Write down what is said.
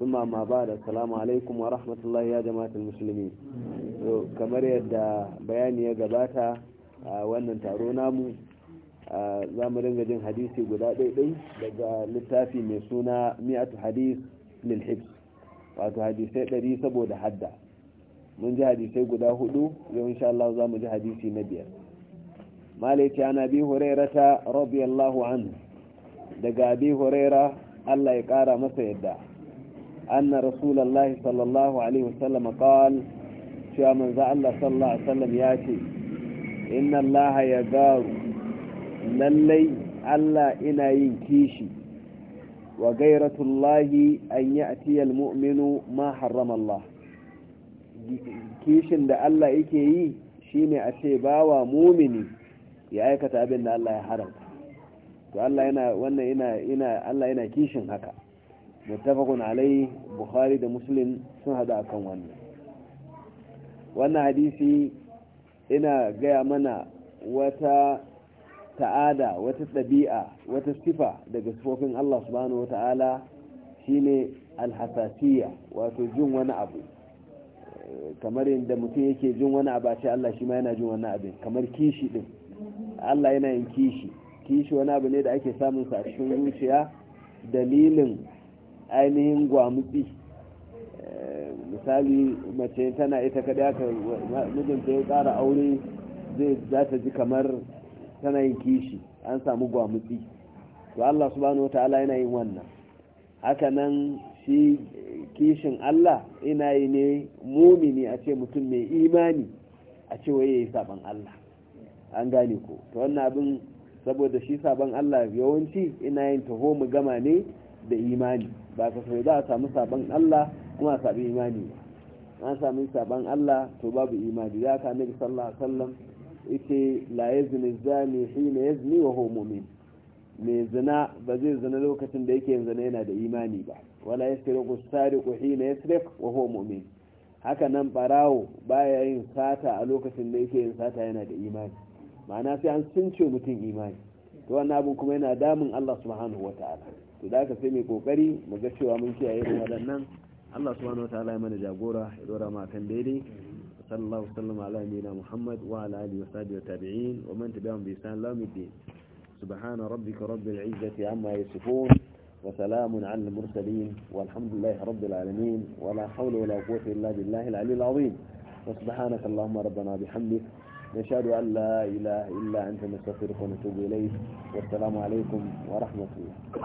ba da salamu alaikum wa rahmatullahi ya يا musulmi so kamar yadda bayani ya gabata a wannan taro namu za mu ringa hadisi guda ɗaiɗai daga littafi mai suna mi'atu hadis lil hibs wato hadisai ɗari saboda hadda mun ji hadisai guda hudu yau insha Allah za mu ji hadisi na biyar malaiti ana bi hurairata radiyallahu an daga bi huraira Allah ya kara masa yadda أن رسول الله صلى الله عليه وسلم قال شاء من ذا الله صلى الله عليه وسلم ياتي إن الله يجار للي ألا إنا ينكيشي وغيرة الله أن يأتي المؤمن ما حرم الله كيشن da الله yake شيني أسيبا ومؤمني ce bawa mumini ya aikata abin da Allah إنا haramta to Allah yana wannan متفقون عليه بخاري da مسلم sun hadu akan wannan wannan hadisi ina gaya mana wata ta'ada wata ɗabi'a wata sifa daga sifofin Allah subhanahu wata'ala shine alhasasiya wato jin wani abu kamar yadda mutum yake jin wani abu a ce Allah shi ma yana jin wani abu kamar kishi din Allah yana yin kishi kishi wani abu ne da ake samun sa a cikin zuciya dalilin ainihin gwamutsi eh, misali mace tana ita kada aka mijinta ya ƙara aure zai za ta ji kamar tana yin kishi an samu gwamutsi to Allah subhanahu wata'ala yana yin wannan haka nan shi kishin Allah ina yi ne mumini a ce mutum mai imani a ce waye yi saban Allah an gane ko to wannan abin saboda shi sabon Allah yawanci ina yin taho mu gama ne da imani ba ka sai za a samu saban Allah kuma a sabi imani ba an sami saban Allah to babu imani da ka annabi sallallahu alaihi wasallam yace la yazni zani hina yazni wa huwa mai zina ba zai zina lokacin da yake yin zina yana da imani ba wala yasriqu sariqu hina yasriq wa huwa haka nan barawo baya yin sata a lokacin da yake yin sata yana da imani ma'ana sai an sunce mutum imani to wannan abun kuma yana damun Allah subhanahu wataala to da aka sai mai kokari mu ga cewa mun kiyaye irin waɗannan Allah subhanahu wataala ya mana jagora ya dora mu akan daidai sallallahu sallam ala nabiyina Muhammad wa ala alihi wa sahbihi wa tabi'in wa man tabi'ahum bi ihsan ila yawmiddin subhana rabbika rabbil izzati amma yasifun wa salamun ala al mursalin walhamdulillahi rabbil alamin wa la hawla wa la quwwata illa billahi al aliyyil azim وسبحانك اللهم ربنا بحمدك نشهد أن لا إله إلا أنت نستغفرك ونتوب إليك والسلام عليكم ورحمة الله